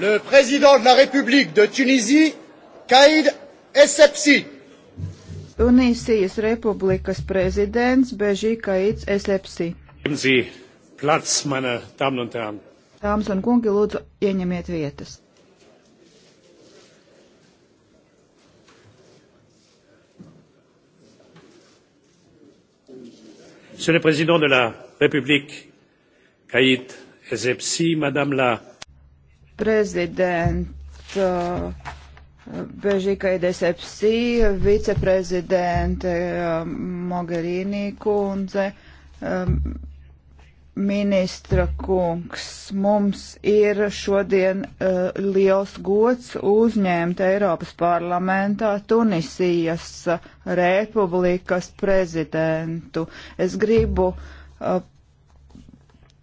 le président de la République de Tunisie, Kaïd Essebsi. Tunisijas republikas prezidents Bežī Kaits Esepsi. Plats, meine Damen un Herren. Dāmas un kungi, lūdzu, ieņemiet vietas. Monsieur le Président de la République, Kaït Ezepsi, Madame la prezidenta uh, Bežika Idesepsi, viceprezidente uh, Mogherini kundze, um, ministra kungs, mums ir šodien uh, liels gods uzņemt Eiropas parlamentā Tunisijas republikas prezidentu. Es gribu uh,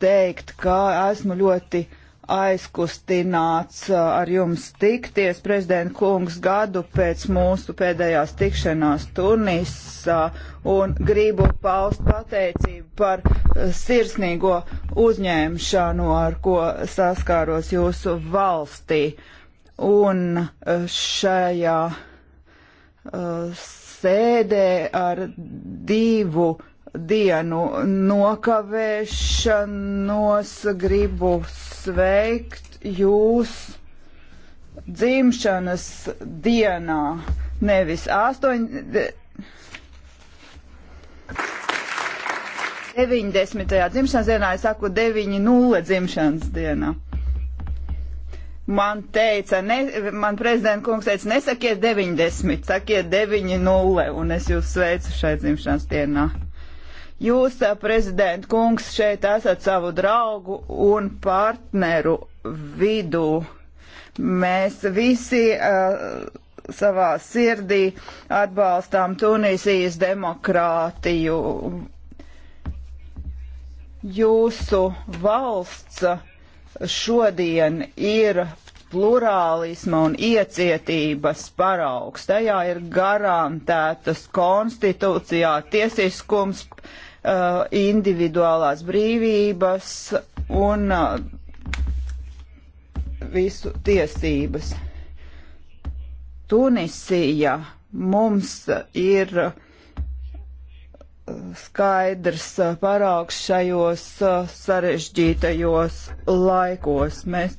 teikt, ka esmu ļoti aizkustināts uh, ar jums tikties, prezident kungs, gadu pēc mūsu pēdējās tikšanās Tunisā un gribu paust pateicību par uh, sirsnīgo uzņēmšanu, ar ko saskāros jūsu valstī. Un uh, šajā uh, sēdē ar divu dienu nokavēšanos gribu sveikt jūs dzimšanas dienā, nevis 8. De, 90. dzimšanas dienā, es saku 9.0 dzimšanas dienā. Man teica, ne, man prezidenta kungs teica, nesakiet 90, sakiet 9.0, un es jūs sveicu šai dzimšanas dienā. Jūs, prezident kungs, šeit esat savu draugu un partneru vidū. Mēs visi uh, savā sirdī atbalstām Tunisijas demokrātiju. Jūsu valsts šodien ir plurālisma un iecietības paraugs. Tajā ir garantētas konstitūcijā tiesiskums, uh, Uh, individuālās brīvības un uh, visu tiesības. Tunisija mums ir uh, skaidrs paraugs šajos sarežģītajos laikos. Mēs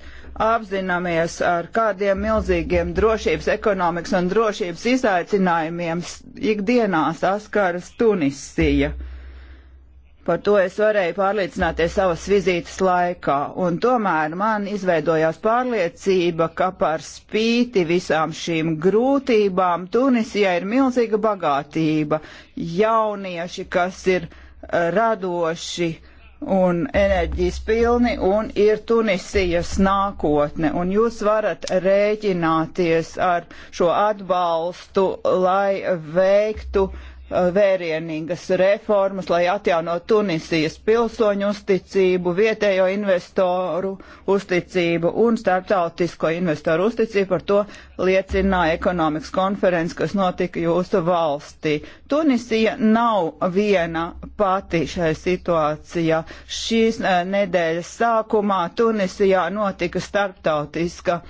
apzināmies, ar kādiem milzīgiem drošības, ekonomikas un drošības izaicinājumiem ikdienā saskaras Tunisija. Uh, Par to es varēju pārliecināties savas vizītes laikā, un tomēr man izveidojās pārliecība, ka par spīti visām šīm grūtībām Tunisijā ir milzīga bagātība. Jaunieši, kas ir eh, radoši un enerģijas pilni, un ir Tunisijas nākotne, un jūs varat rēķināties ar šo atbalstu, lai veiktu uh, Uh, vērienīgas reformas, lai atjaunot Tunisijas pilsoņu uzticību, vietējo investoru uzticību un starptautisko investoru uzticību. Par to liecināja ekonomikas konferences, kas notika jūsu valstī. Tunisija nav viena pati šai situācijā. Šīs uh, nedēļas sākumā Tunisijā notika starptautiska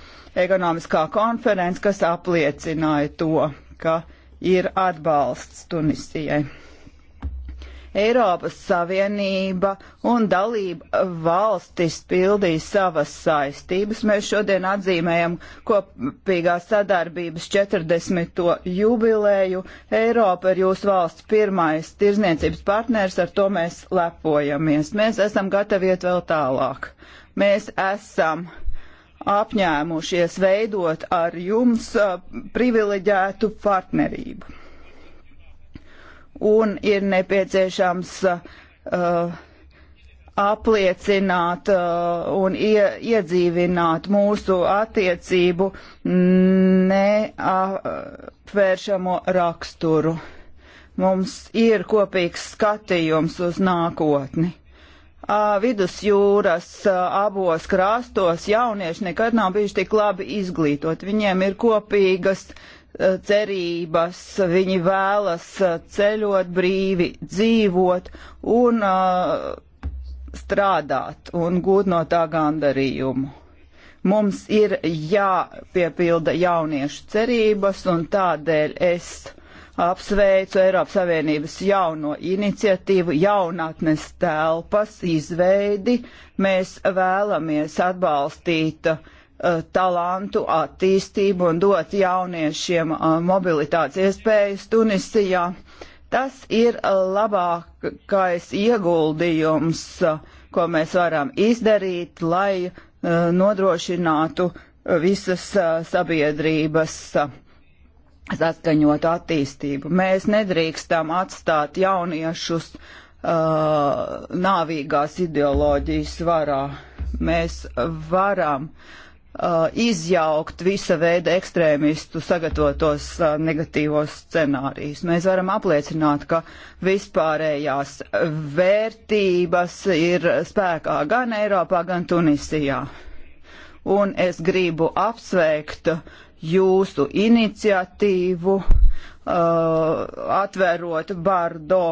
ekonomiskā konferences, kas apliecināja to, ka ir atbalsts Tunisijai. Eiropas Savienība un dalība valstis pildīja savas saistības. Mēs šodien atzīmējam kopīgās sadarbības 40. jubilēju. Eiropa ir jūsu valsts pirmais tirzniecības partners, ar to mēs lepojamies. Mēs esam gatavi iet vēl tālāk. Mēs esam uh, apņēmušies veidot ar jums privileģētu partnerību. Un ir nepieciešams uh, apliecināt uh, un ie, iedzīvināt mūsu attiecību neapvēršamo raksturu. Mums ir kopīgs skatījums uz nākotni vidusjūras abos krastos jaunieši nekad nav bijuši tik labi izglītot. Viņiem ir kopīgas cerības, viņi vēlas ceļot brīvi, dzīvot un strādāt un gūt no tā gandarījumu. Mums ir jāpiepilda jauniešu cerības un tādēļ es apsveicu Eiropas Savienības jauno iniciatīvu, jaunatnes telpas izveidi. Mēs vēlamies atbalstīt uh, talantu attīstību un dot jauniešiem uh, mobilitātes iespējas Tunisijā. Tas ir labākais ieguldījums, uh, ko mēs varam izdarīt, lai uh, nodrošinātu visas sabiedrības saskaņotu attīstību. Mēs nedrīkstam atstāt jauniešus uh, nāvīgās ideoloģijas varā. Mēs varam uh, izjaukt visa veida ekstrēmistu sagatavotos uh, negatīvos scenārijus. Mēs varam apliecināt, ka vispārējās vērtības ir spēkā gan Eiropā, gan Tunisijā. Un es gribu apsveikt uh, jūsu iniciatīvu, uh, atverot Bardo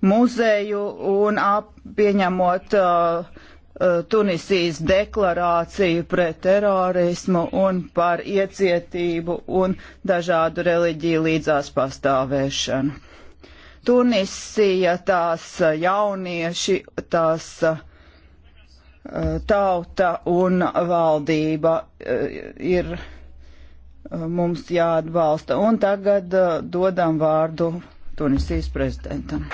muzeju un ap, pieņemot uh, uh, Tunisijas deklarāciju pret terorismu un par iecietību un dažādu reliģiju līdzās pastāvēšanu. Tunisija, tās jaunieši, tās uh, tauta un valdība uh, ir Uh, mums jāatbalsta. Un tagad uh, dodam vārdu Tunisijas prezidentam.